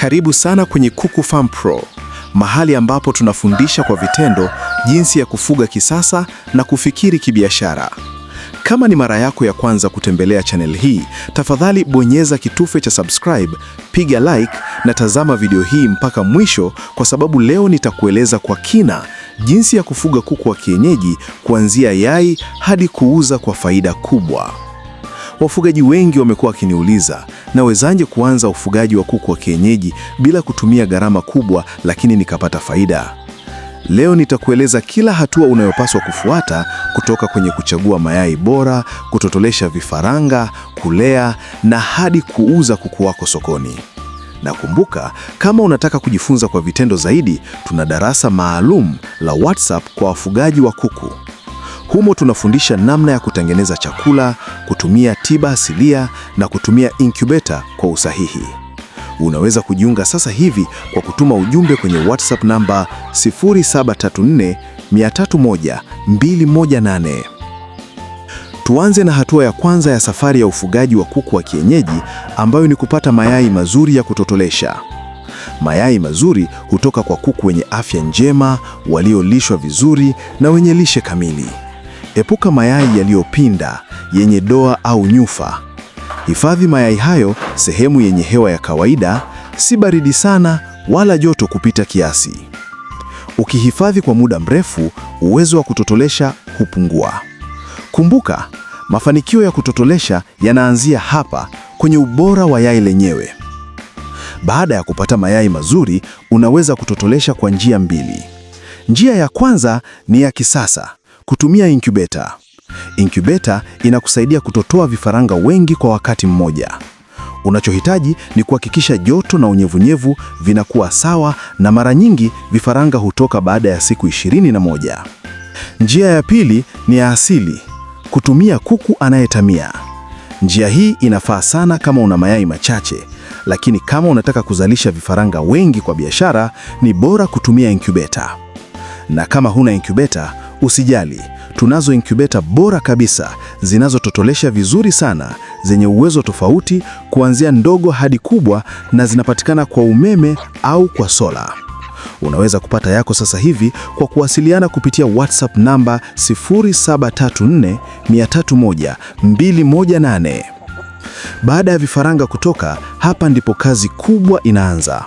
Karibu sana kwenye Kuku Farm Pro, mahali ambapo tunafundisha kwa vitendo jinsi ya kufuga kisasa na kufikiri kibiashara. Kama ni mara yako ya kwanza kutembelea channel hii, tafadhali bonyeza kitufe cha subscribe, piga like na tazama video hii mpaka mwisho, kwa sababu leo nitakueleza kwa kina jinsi ya kufuga kuku wa kienyeji kuanzia yai hadi kuuza kwa faida kubwa. Wafugaji wengi wamekuwa wakiniuliza, nawezaje kuanza ufugaji wa kuku wa kienyeji bila kutumia gharama kubwa lakini nikapata faida? Leo nitakueleza kila hatua unayopaswa kufuata kutoka kwenye kuchagua mayai bora, kutotolesha vifaranga, kulea na hadi kuuza kuku wako sokoni. Na kumbuka, kama unataka kujifunza kwa vitendo zaidi, tuna darasa maalum la WhatsApp kwa wafugaji wa kuku. Humo tunafundisha namna ya kutengeneza chakula, kutumia tiba asilia na kutumia incubator kwa usahihi. Unaweza kujiunga sasa hivi kwa kutuma ujumbe kwenye WhatsApp namba 0734 Tuanze na hatua ya kwanza ya safari ya ufugaji wa kuku wa kienyeji ambayo ni kupata mayai mazuri ya kutotolesha. Mayai mazuri hutoka kwa kuku wenye afya njema, waliolishwa vizuri na wenye lishe kamili. Epuka mayai yaliyopinda yenye doa au nyufa. Hifadhi mayai hayo sehemu yenye hewa ya kawaida, si baridi sana wala joto kupita kiasi. Ukihifadhi kwa muda mrefu, uwezo wa kutotolesha hupungua. Kumbuka, mafanikio ya kutotolesha yanaanzia hapa kwenye ubora wa yai lenyewe. Baada ya kupata mayai mazuri, unaweza kutotolesha kwa njia mbili. Njia ya kwanza ni ya kisasa, Kutumia incubator. Incubator inakusaidia kutotoa vifaranga wengi kwa wakati mmoja. Unachohitaji ni kuhakikisha joto na unyevunyevu vinakuwa sawa, na mara nyingi vifaranga hutoka baada ya siku ishirini na moja. Njia ya pili ni ya asili, kutumia kuku anayetamia. Njia hii inafaa sana kama una mayai machache, lakini kama unataka kuzalisha vifaranga wengi kwa biashara, ni bora kutumia incubator. Na kama huna incubator Usijali, tunazo incubator bora kabisa zinazototolesha vizuri sana, zenye uwezo tofauti kuanzia ndogo hadi kubwa, na zinapatikana kwa umeme au kwa sola. Unaweza kupata yako sasa hivi kwa kuwasiliana kupitia WhatsApp namba 0734 Baada ya vifaranga kutoka, hapa ndipo kazi kubwa inaanza.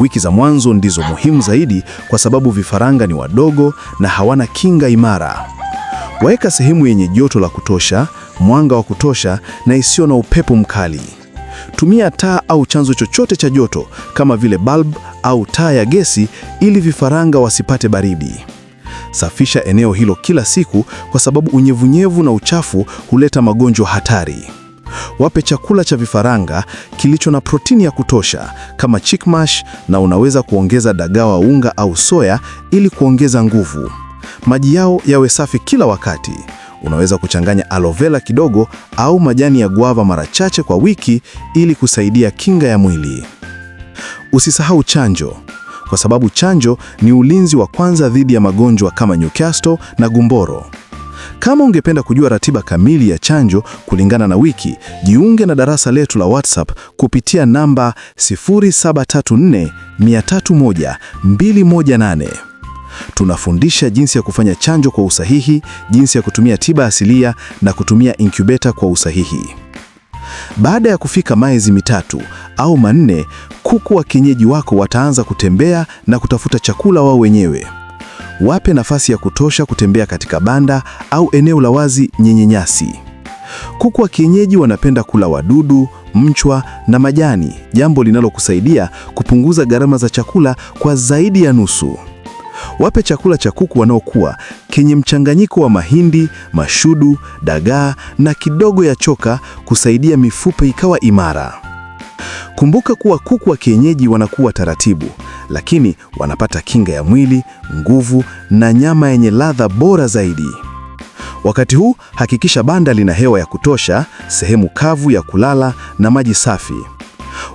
Wiki za mwanzo ndizo muhimu zaidi kwa sababu vifaranga ni wadogo na hawana kinga imara. Waweka sehemu yenye joto la kutosha, mwanga wa kutosha na isiyo na upepo mkali. Tumia taa au chanzo chochote cha joto kama vile bulb au taa ya gesi ili vifaranga wasipate baridi. Safisha eneo hilo kila siku kwa sababu unyevunyevu na uchafu huleta magonjwa hatari. Wape chakula cha vifaranga kilicho na protini ya kutosha kama chickmash, na unaweza kuongeza dagaa wa unga au soya ili kuongeza nguvu. Maji yao yawe safi kila wakati. Unaweza kuchanganya aloe vera kidogo au majani ya guava mara chache kwa wiki ili kusaidia kinga ya mwili. Usisahau chanjo, kwa sababu chanjo ni ulinzi wa kwanza dhidi ya magonjwa kama Newcastle na gumboro. Kama ungependa kujua ratiba kamili ya chanjo kulingana na wiki, jiunge na darasa letu la WhatsApp kupitia namba 0734 Tunafundisha jinsi ya kufanya chanjo kwa usahihi, jinsi ya kutumia tiba asilia na kutumia incubator kwa usahihi. Baada ya kufika miezi mitatu au manne, kuku wa kienyeji wako wataanza kutembea na kutafuta chakula wao wenyewe wape nafasi ya kutosha kutembea katika banda au eneo la wazi nyenye nyasi. Kuku wa kienyeji wanapenda kula wadudu, mchwa na majani, jambo linalokusaidia kupunguza gharama za chakula kwa zaidi ya nusu. Wape chakula cha kuku wanaokuwa kenye mchanganyiko wa mahindi, mashudu, dagaa na kidogo ya choka kusaidia mifupa ikawa imara. Kumbuka kuwa kuku wa kienyeji wanakuwa taratibu, lakini wanapata kinga ya mwili, nguvu na nyama yenye ladha bora zaidi. Wakati huu hakikisha banda lina hewa ya kutosha, sehemu kavu ya kulala na maji safi.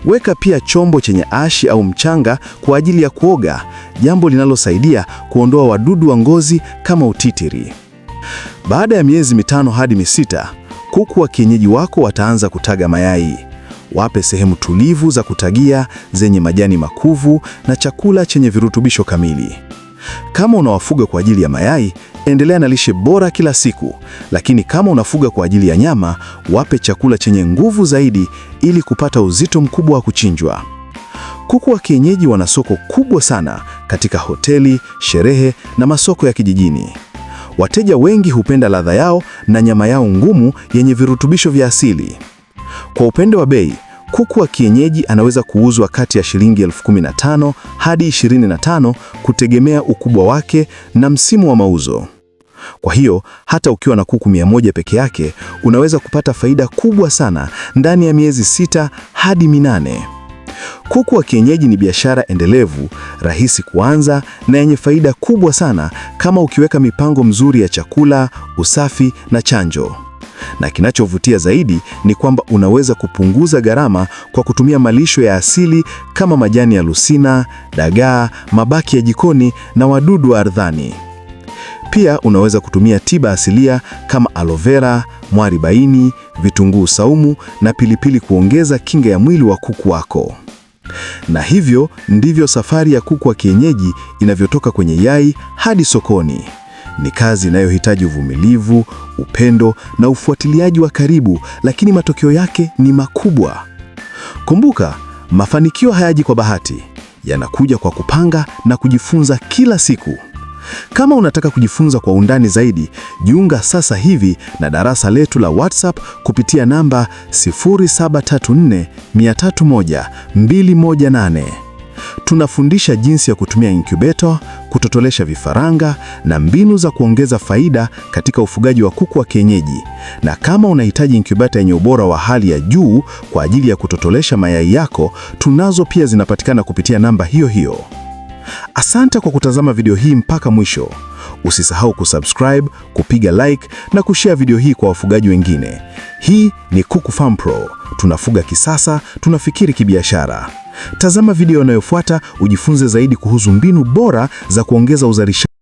Weka pia chombo chenye ashi au mchanga kwa ajili ya kuoga, jambo linalosaidia kuondoa wadudu wa ngozi kama utitiri. Baada ya miezi mitano hadi misita, kuku wa kienyeji wako wataanza kutaga mayai. Wape sehemu tulivu za kutagia zenye majani makuvu na chakula chenye virutubisho kamili. Kama unawafuga kwa ajili ya mayai, endelea na lishe bora kila siku, lakini kama unafuga kwa ajili ya nyama, wape chakula chenye nguvu zaidi ili kupata uzito mkubwa wa kuchinjwa. Kuku wa kienyeji wana soko kubwa sana katika hoteli, sherehe na masoko ya kijijini. Wateja wengi hupenda ladha yao na nyama yao ngumu yenye virutubisho vya asili. Kwa upande wa bei, kuku wa kienyeji anaweza kuuzwa kati ya shilingi elfu hadi 25 kutegemea ukubwa wake na msimu wa mauzo. Kwa hiyo hata ukiwa na kuku 100 peke yake unaweza kupata faida kubwa sana ndani ya miezi sita hadi minane. Kuku wa kienyeji ni biashara endelevu, rahisi kuanza na yenye faida kubwa sana kama ukiweka mipango mzuri ya chakula, usafi na chanjo na kinachovutia zaidi ni kwamba unaweza kupunguza gharama kwa kutumia malisho ya asili kama majani ya lusina, dagaa, mabaki ya jikoni na wadudu wa ardhani. Pia unaweza kutumia tiba asilia kama aloe vera, mwaribaini, vitunguu saumu na pilipili kuongeza kinga ya mwili wa kuku wako. Na hivyo ndivyo safari ya kuku wa kienyeji inavyotoka kwenye yai hadi sokoni. Ni kazi inayohitaji uvumilivu, upendo na ufuatiliaji wa karibu, lakini matokeo yake ni makubwa. Kumbuka, mafanikio hayaji kwa bahati, yanakuja kwa kupanga na kujifunza kila siku. Kama unataka kujifunza kwa undani zaidi, jiunga sasa hivi na darasa letu la WhatsApp kupitia namba 218. Tunafundisha jinsi ya kutumia incubator, kutotolesha vifaranga na mbinu za kuongeza faida katika ufugaji wa kuku wa kienyeji. Na kama unahitaji incubator yenye ubora wa hali ya juu kwa ajili ya kutotolesha mayai yako, tunazo pia zinapatikana kupitia namba hiyo hiyo. Asante kwa kutazama video hii mpaka mwisho. Usisahau kusubscribe, kupiga like na kushare video hii kwa wafugaji wengine. Hii ni Kuku Farm Pro. Tunafuga kisasa, tunafikiri kibiashara. Tazama video inayofuata ujifunze zaidi kuhusu mbinu bora za kuongeza uzalishaji.